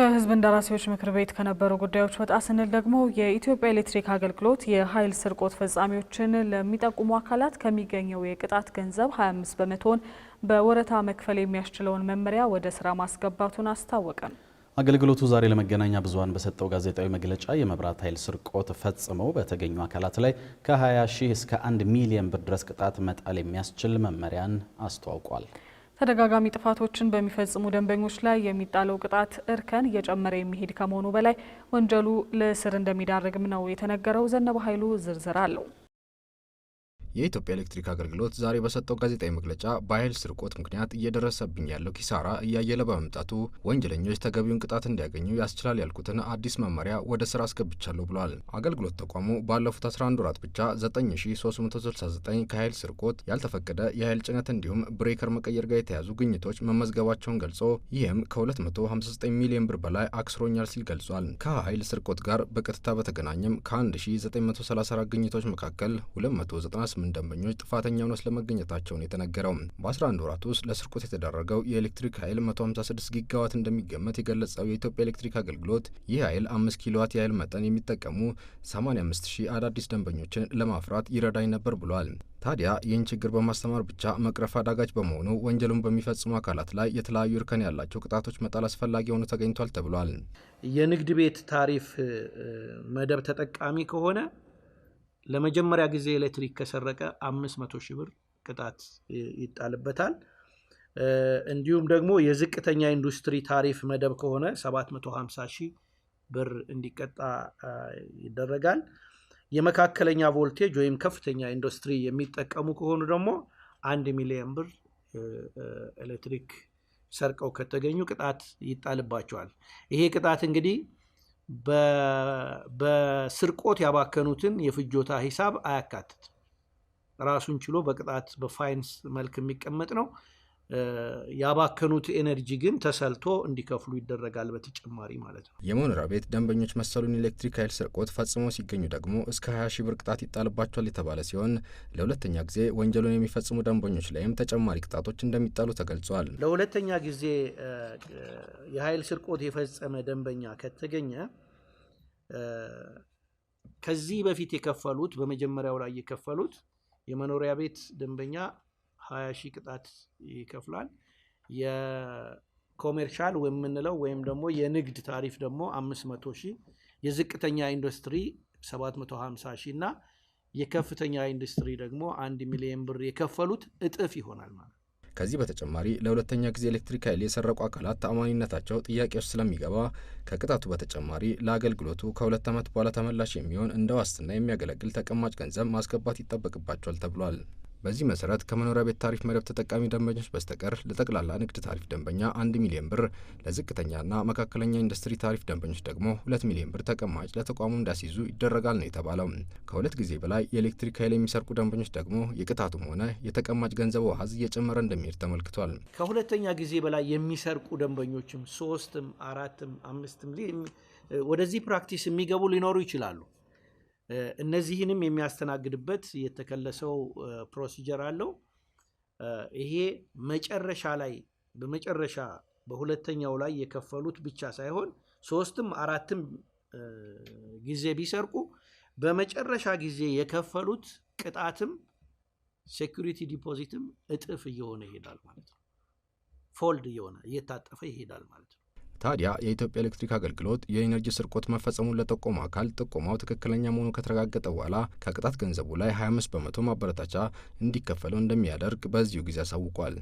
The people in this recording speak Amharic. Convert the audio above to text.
ከህዝብ እንደራሴዎች ምክር ቤት ከነበሩ ጉዳዮች ወጣ ስንል ደግሞ የኢትዮጵያ ኤሌክትሪክ አገልግሎት የኃይል ስርቆት ፈጻሚዎችን ለሚጠቁሙ አካላት ከሚገኘው የቅጣት ገንዘብ 25 በመቶን በወረታ መክፈል የሚያስችለውን መመሪያ ወደ ስራ ማስገባቱን አስታወቀም። አገልግሎቱ ዛሬ ለመገናኛ ብዙኃን በሰጠው ጋዜጣዊ መግለጫ የመብራት ኃይል ስርቆት ፈጽመው በተገኙ አካላት ላይ ከ20 ሺህ እስከ 1 ሚሊዮን ብር ድረስ ቅጣት መጣል የሚያስችል መመሪያን አስተዋውቋል። ተደጋጋሚ ጥፋቶችን በሚፈጽሙ ደንበኞች ላይ የሚጣለው ቅጣት እርከን እየጨመረ የሚሄድ ከመሆኑ በላይ ወንጀሉ ለእስር እንደሚዳርግም ነው የተነገረው። ዘነበ ኃይሉ ዝርዝር አለው። የኢትዮጵያ ኤሌክትሪክ አገልግሎት ዛሬ በሰጠው ጋዜጣዊ መግለጫ በኃይል ስርቆት ምክንያት እየደረሰብኝ ያለው ኪሳራ እያየለ በመምጣቱ ወንጀለኞች ተገቢውን ቅጣት እንዲያገኙ ያስችላል ያልኩትን አዲስ መመሪያ ወደ ስራ አስገብቻለሁ ብሏል። አገልግሎት ተቋሙ ባለፉት 11 ወራት ብቻ 9369 ከኃይል ስርቆት፣ ያልተፈቀደ የኃይል ጭነት እንዲሁም ብሬከር መቀየር ጋር የተያዙ ግኝቶች መመዝገባቸውን ገልጾ ይህም ከ259 ሚሊዮን ብር በላይ አክስሮኛል ሲል ገልጿል። ከኃይል ስርቆት ጋር በቀጥታ በተገናኘም ከ1934 ግኝቶች መካከል 298 ስምንት ደንበኞች ጥፋተኛ ሆነው ስለመገኘታቸውን የተነገረው በ11 ወራት ውስጥ ለስርቆት የተዳረገው የኤሌክትሪክ ኃይል 156 ጊጋዋት እንደሚገመት የገለጸው የኢትዮጵያ ኤሌክትሪክ አገልግሎት ይህ ኃይል 5 ኪሎዋት የኃይል መጠን የሚጠቀሙ 85 አዳዲስ ደንበኞችን ለማፍራት ይረዳኝ ነበር ብሏል። ታዲያ ይህን ችግር በማስተማር ብቻ መቅረፍ አዳጋች በመሆኑ ወንጀሉን በሚፈጽሙ አካላት ላይ የተለያዩ እርከን ያላቸው ቅጣቶች መጣል አስፈላጊ ሆኖ ተገኝቷል ተብሏል። የንግድ ቤት ታሪፍ መደብ ተጠቃሚ ከሆነ ለመጀመሪያ ጊዜ ኤሌክትሪክ ከሰረቀ 500 ሺህ ብር ቅጣት ይጣልበታል። እንዲሁም ደግሞ የዝቅተኛ ኢንዱስትሪ ታሪፍ መደብ ከሆነ 750 ሺህ ብር እንዲቀጣ ይደረጋል። የመካከለኛ ቮልቴጅ ወይም ከፍተኛ ኢንዱስትሪ የሚጠቀሙ ከሆኑ ደግሞ አንድ ሚሊዮን ብር ኤሌክትሪክ ሰርቀው ከተገኙ ቅጣት ይጣልባቸዋል። ይሄ ቅጣት እንግዲህ በስርቆት ያባከኑትን የፍጆታ ሂሳብ አያካትትም። ራሱን ችሎ በቅጣት በፋይንስ መልክ የሚቀመጥ ነው። ያባከኑት ኤነርጂ ግን ተሰልቶ እንዲከፍሉ ይደረጋል። በተጨማሪ ማለት ነው። የመኖሪያ ቤት ደንበኞች መሰሉን ኤሌክትሪክ ኃይል ስርቆት ፈጽሞ ሲገኙ ደግሞ እስከ 20 ሺህ ብር ቅጣት ይጣልባቸዋል የተባለ ሲሆን ለሁለተኛ ጊዜ ወንጀሉን የሚፈጽሙ ደንበኞች ላይም ተጨማሪ ቅጣቶች እንደሚጣሉ ተገልጿል። ለሁለተኛ ጊዜ የኃይል ስርቆት የፈጸመ ደንበኛ ከተገኘ ከዚህ በፊት የከፈሉት በመጀመሪያው ላይ የከፈሉት የመኖሪያ ቤት ደንበኛ ሀያ ሺህ ቅጣት ይከፍላል። የኮሜርሻል የምንለው ወይም ደግሞ የንግድ ታሪፍ ደግሞ አምስት መቶ ሺህ የዝቅተኛ ኢንዱስትሪ 750 ሺህ እና የከፍተኛ ኢንዱስትሪ ደግሞ አንድ ሚሊዮን ብር የከፈሉት እጥፍ ይሆናል ማለት ነው። ከዚህ በተጨማሪ ለሁለተኛ ጊዜ ኤሌክትሪክ ኃይል የሰረቁ አካላት ተአማኒነታቸው ጥያቄዎች ስለሚገባ ከቅጣቱ በተጨማሪ ለአገልግሎቱ ከሁለት ዓመት በኋላ ተመላሽ የሚሆን እንደ ዋስትና የሚያገለግል ተቀማጭ ገንዘብ ማስገባት ይጠበቅባቸዋል ተብሏል። በዚህ መሰረት ከመኖሪያ ቤት ታሪፍ መደብ ተጠቃሚ ደንበኞች በስተቀር ለጠቅላላ ንግድ ታሪፍ ደንበኛ አንድ ሚሊዮን ብር፣ ለዝቅተኛና መካከለኛ ኢንዱስትሪ ታሪፍ ደንበኞች ደግሞ ሁለት ሚሊዮን ብር ተቀማጭ ለተቋሙ እንዳስይዙ ይደረጋል ነው የተባለው። ከሁለት ጊዜ በላይ የኤሌክትሪክ ኃይል የሚሰርቁ ደንበኞች ደግሞ የቅጣቱም ሆነ የተቀማጭ ገንዘብ ዋሀዝ እየጨመረ እንደሚሄድ ተመልክቷል። ከሁለተኛ ጊዜ በላይ የሚሰርቁ ደንበኞችም ሶስትም አራትም አምስትም ወደዚህ ፕራክቲስ የሚገቡ ሊኖሩ ይችላሉ። እነዚህንም የሚያስተናግድበት የተከለሰው ፕሮሲጀር አለው። ይሄ መጨረሻ ላይ በመጨረሻ በሁለተኛው ላይ የከፈሉት ብቻ ሳይሆን ሶስትም አራትም ጊዜ ቢሰርቁ በመጨረሻ ጊዜ የከፈሉት ቅጣትም ሴኩሪቲ ዲፖዚትም እጥፍ እየሆነ ይሄዳል ማለት ነው። ፎልድ እየሆነ እየታጠፈ ይሄዳል ማለት ነው። ታዲያ የኢትዮጵያ ኤሌክትሪክ አገልግሎት የኢነርጂ ስርቆት መፈጸሙን ለጠቆመ አካል ጥቆማው ትክክለኛ መሆኑ ከተረጋገጠ በኋላ ከቅጣት ገንዘቡ ላይ 25 በመቶ ማበረታቻ እንዲከፈለው እንደሚያደርግ በዚሁ ጊዜ አሳውቋል።